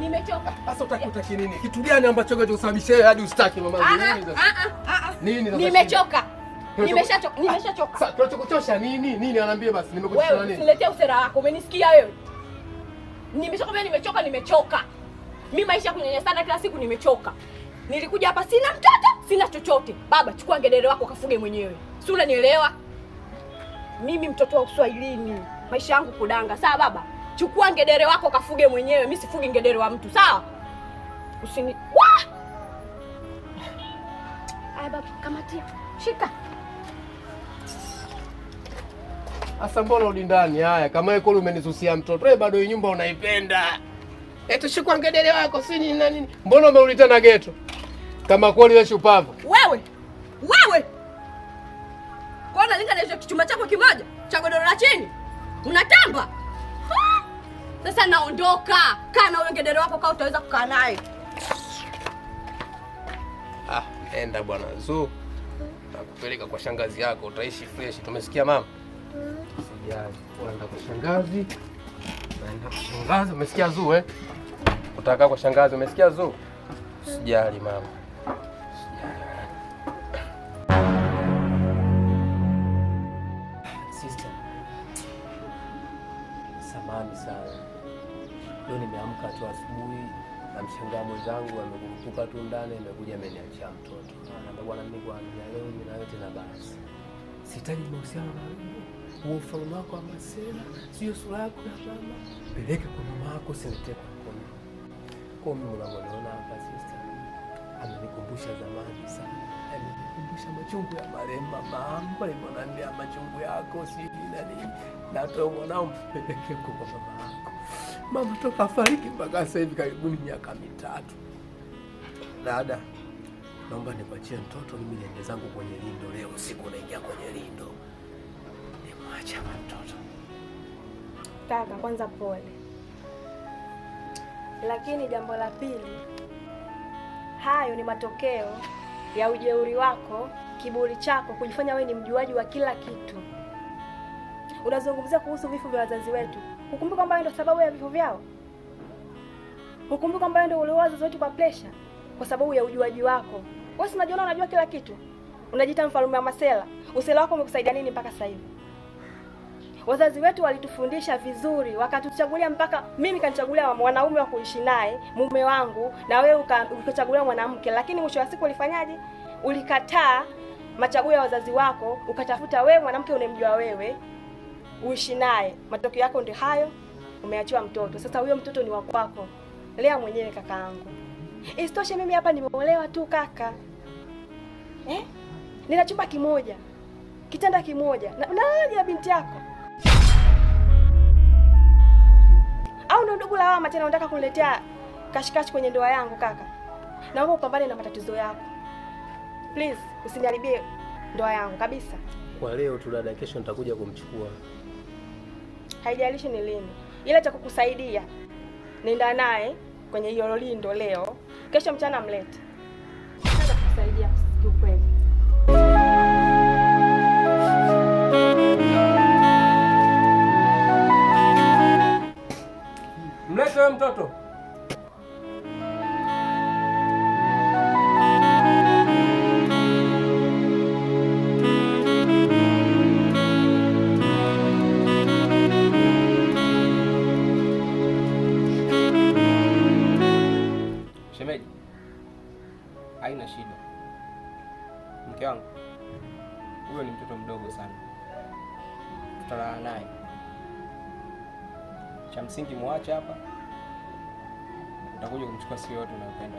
Nimechoka. Kitu gani ambacho kinasababisha hadi usitaki mama? Nimechoka. Nimeshachoka. Nimeshachoka. Sasa tunachokuchosha nini? Nini anaambia basi? Nimekuchosha nini? Wewe usiletee usera wako. Umenisikia wewe? Nimeshakwambia nimechoka, nimechoka. Mimi maisha kunyanyasana kila siku nimechoka. Nilikuja hapa sina mtoto, sina chochote. Baba, chukua ngedere wako kafuge mwenyewe. Si unanielewa? Mimi mtoto wa Uswahilini maisha yangu kudanga. Sawa baba, chukua ngedere wako kafuge mwenyewe, mimi sifugi ngedere wa mtu. Sawa, usini Aya baba, kamatia, shika. Asa, mbona udi ndani? Haya, kama wewe kule umenisusia mtoto wewe, bado hii nyumba unaipenda. Eti chukua ngedere wako nini na nini? Mbona umeulita na geto? Kama kweli wewe shupavu. Wewe. Wewe. Kwa nini kana hicho kichuma chako unatamba Sasa naondoka, kaa na ngedere wako, kaa utaweza kukaa naye. Ah, enda bwana Zuu, nakupeleka kwa shangazi yako, utaishi fresh. Tumesikia mama? Sijali, unaenda kwa shangazi, naenda kwa shangazi, umesikia Zuu eh? Utakaa kwa shangazi, umesikia Zuu? Sijali mama, sijali. samani sana. Leo nimeamka tu asubuhi na mshangaa mwenzangu amekurupuka tu ndani, amekuja ameniachia mtoto. Naomba bwana, mimi kwa ajili ya leo mimi na yote na basi sitaji mahusiano na wewe, huo ufalme wako wa masela, sio sura yako ya mama, peleka kwa mama yako, usiniteke kwa mkono. Kwa mimi mwanangu, naona hapa sister ananikumbusha zamani sana, ananikumbusha machungu ya marehemu mama yangu alivyoniambia machungu yako sijui nani, natoa mwanao mpeleke kwa mama yako. Mama toka fariki mpaka sasa hivi karibuni miaka mitatu. Dada, naomba nikuachie mtoto, mimi niende zangu kwenye lindo. Leo usiku naingia kwenye lindo, nimwache mtoto. Kaka, kwanza pole, lakini jambo la pili Hayo ni matokeo ya ujeuri wako, kiburi chako, kujifanya wewe ni mjuaji wa kila kitu. Unazungumzia kuhusu vifo vya wazazi wetu, hukumbuki kwamba ndio sababu ya vifo vyao? Hukumbuki kwamba ndio ulioa wazazi wetu kwa pressure, kwa sababu ya ujuaji wako? Wewe unajiona unajua kila kitu, unajita mfalme wa masela. Usela wako umekusaidia nini mpaka sasa hivi? Wazazi wetu walitufundisha vizuri, wakatuchagulia mpaka mimi kanichagulia mwanaume wa kuishi naye mume wangu, na wewe ukachagulia mwanamke, lakini mwisho wa siku ulifanyaje? Ulikataa machaguo ya wazazi wako, ukatafuta wewe mwanamke unemjua wewe uishi naye. Matokeo yako ndio hayo, umeachiwa mtoto. Sasa huyo mtoto ni wa kwako, lea mwenyewe kakaangu. Isitoshe mimi hapa nimeolewa tu kaka eh? Nina chumba kimoja kitanda kimoja na naaja binti yako au ndo ndugu lawama tena unataka kuniletea kashikashi kwenye ndoa yangu? Kaka, naomba upambane na matatizo yako please, usiniharibie ndoa yangu kabisa. Kwa leo tu dada, kesho nitakuja kumchukua, haijalishi ni lini, ila cha kukusaidia nenda naye kwenye hiyo lindo leo, kesho mchana mlete. Sasa kusaidia ukweli wewe mtoto. Shemeji, haina shida. Mke wangu huyo ni mtoto mdogo sana, tutalala naye. Cha msingi muache hapa nitakuja kumchukua siku yote unayopenda